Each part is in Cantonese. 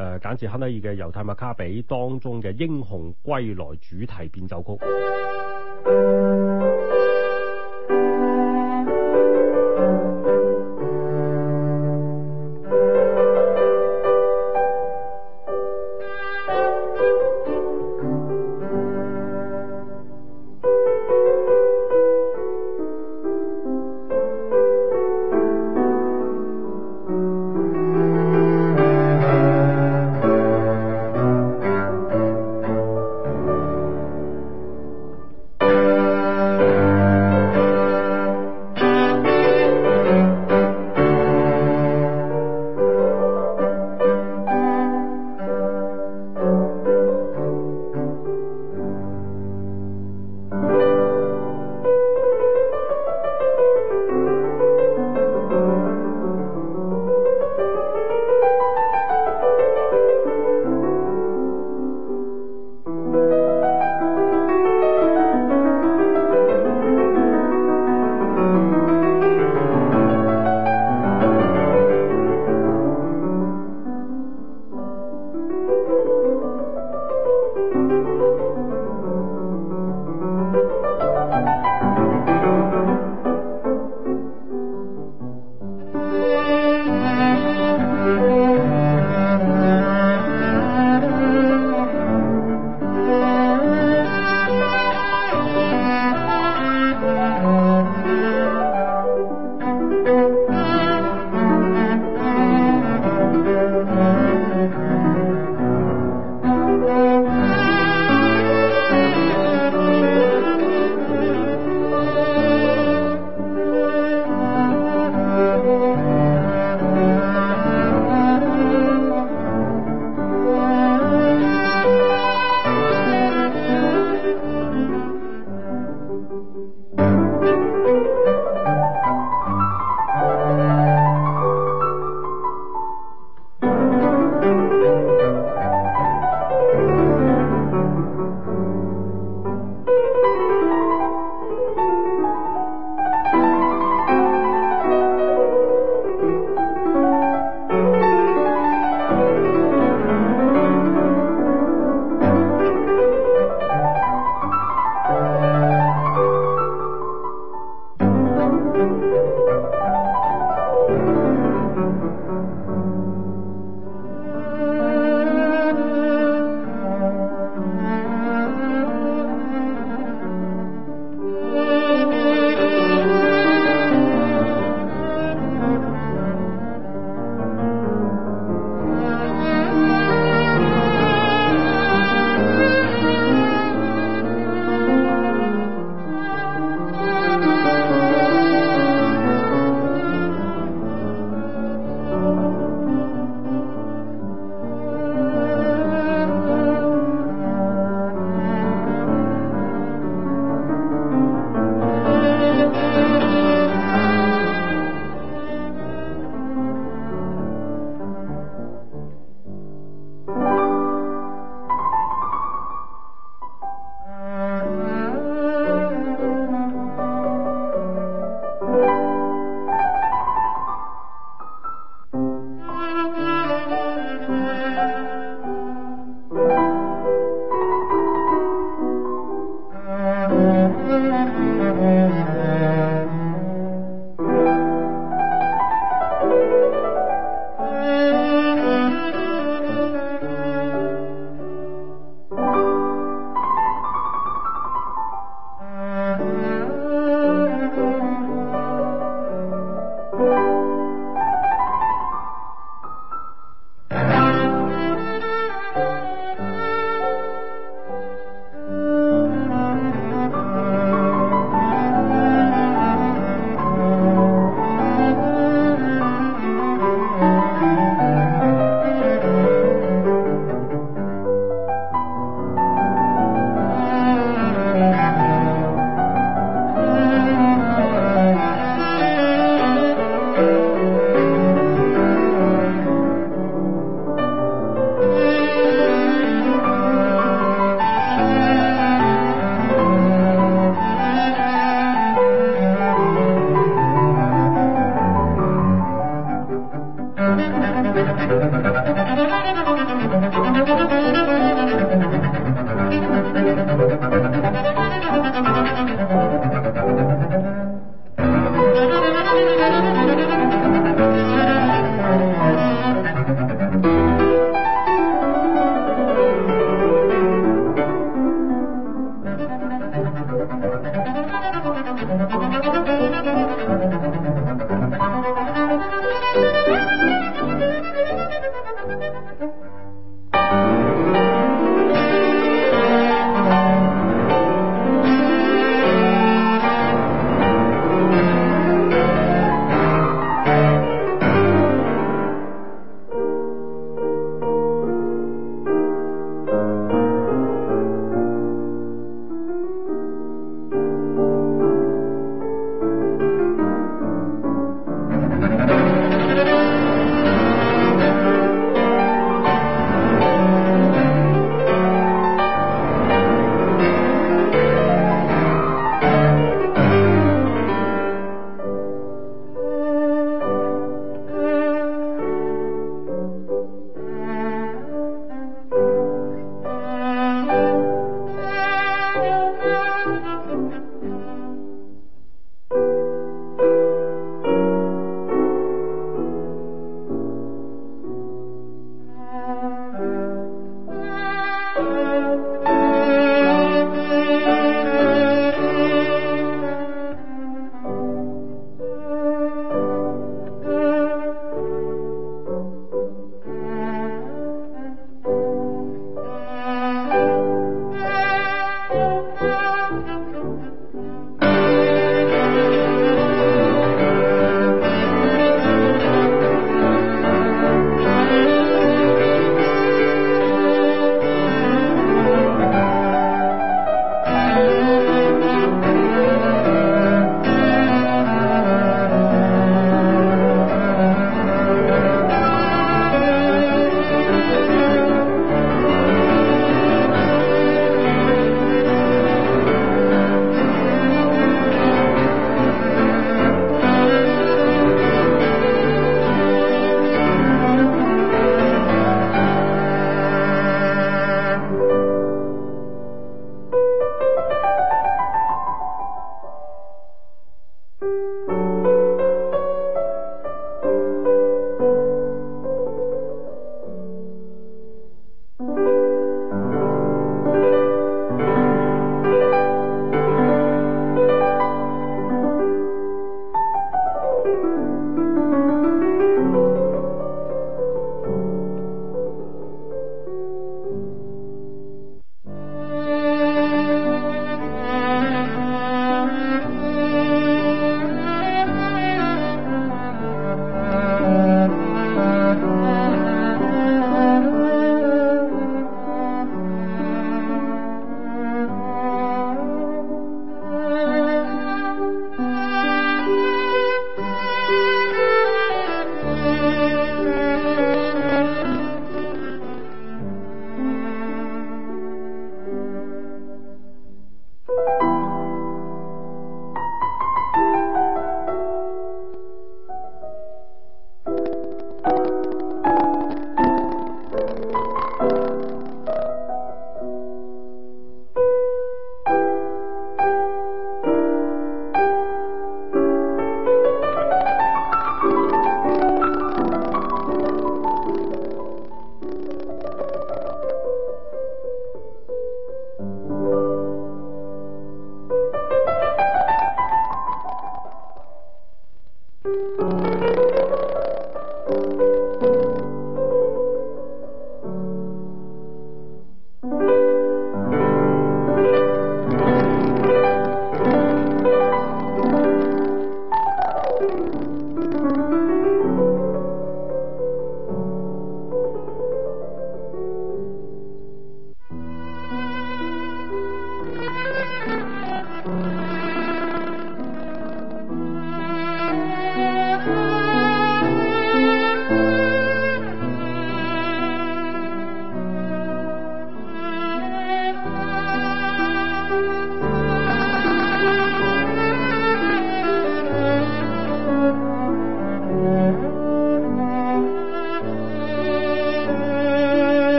誒簡直亨德爾嘅猶太麥卡比當中嘅英雄歸來主題變奏曲。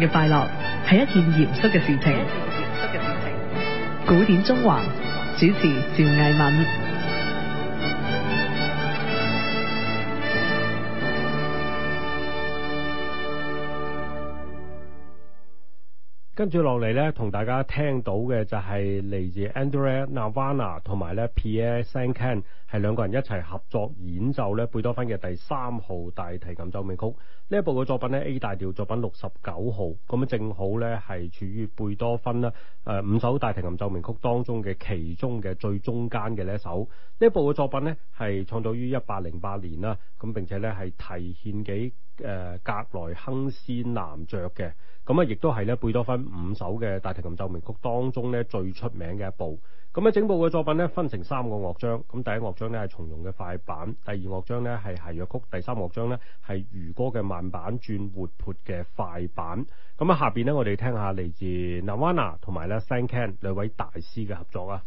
嘅快樂係一件嚴肅嘅事情。一件嚴肅嘅事情。古典縱橫主持趙藝敏。跟住落嚟咧，同大家聽到嘅就係嚟自 Andrea Navana 同埋咧 Pierre Sanken，係兩個人一齊合作演奏咧貝多芬嘅第三號大提琴奏鳴曲。呢一部嘅作品咧 A 大調作品六十九號，咁啊正好咧係處於貝多芬啦，誒五首大提琴奏鳴曲當中嘅其中嘅最中間嘅呢一首。呢一部嘅作品咧係創作於一八零八年啦，咁並且咧係提獻俾誒格萊亨斯男爵嘅。咁啊亦都係咧貝多芬。五首嘅大提琴奏鳴曲當中咧最出名嘅一部，咁咧整部嘅作品咧分成三個樂章，咁第一樂章咧係從容嘅快板，第二樂章咧係諧謔曲，第三樂章咧係如歌嘅慢板轉活潑嘅快板，咁啊下邊咧我哋聽下嚟自 Nawana 同埋咧 Sanken 兩位大師嘅合作啊。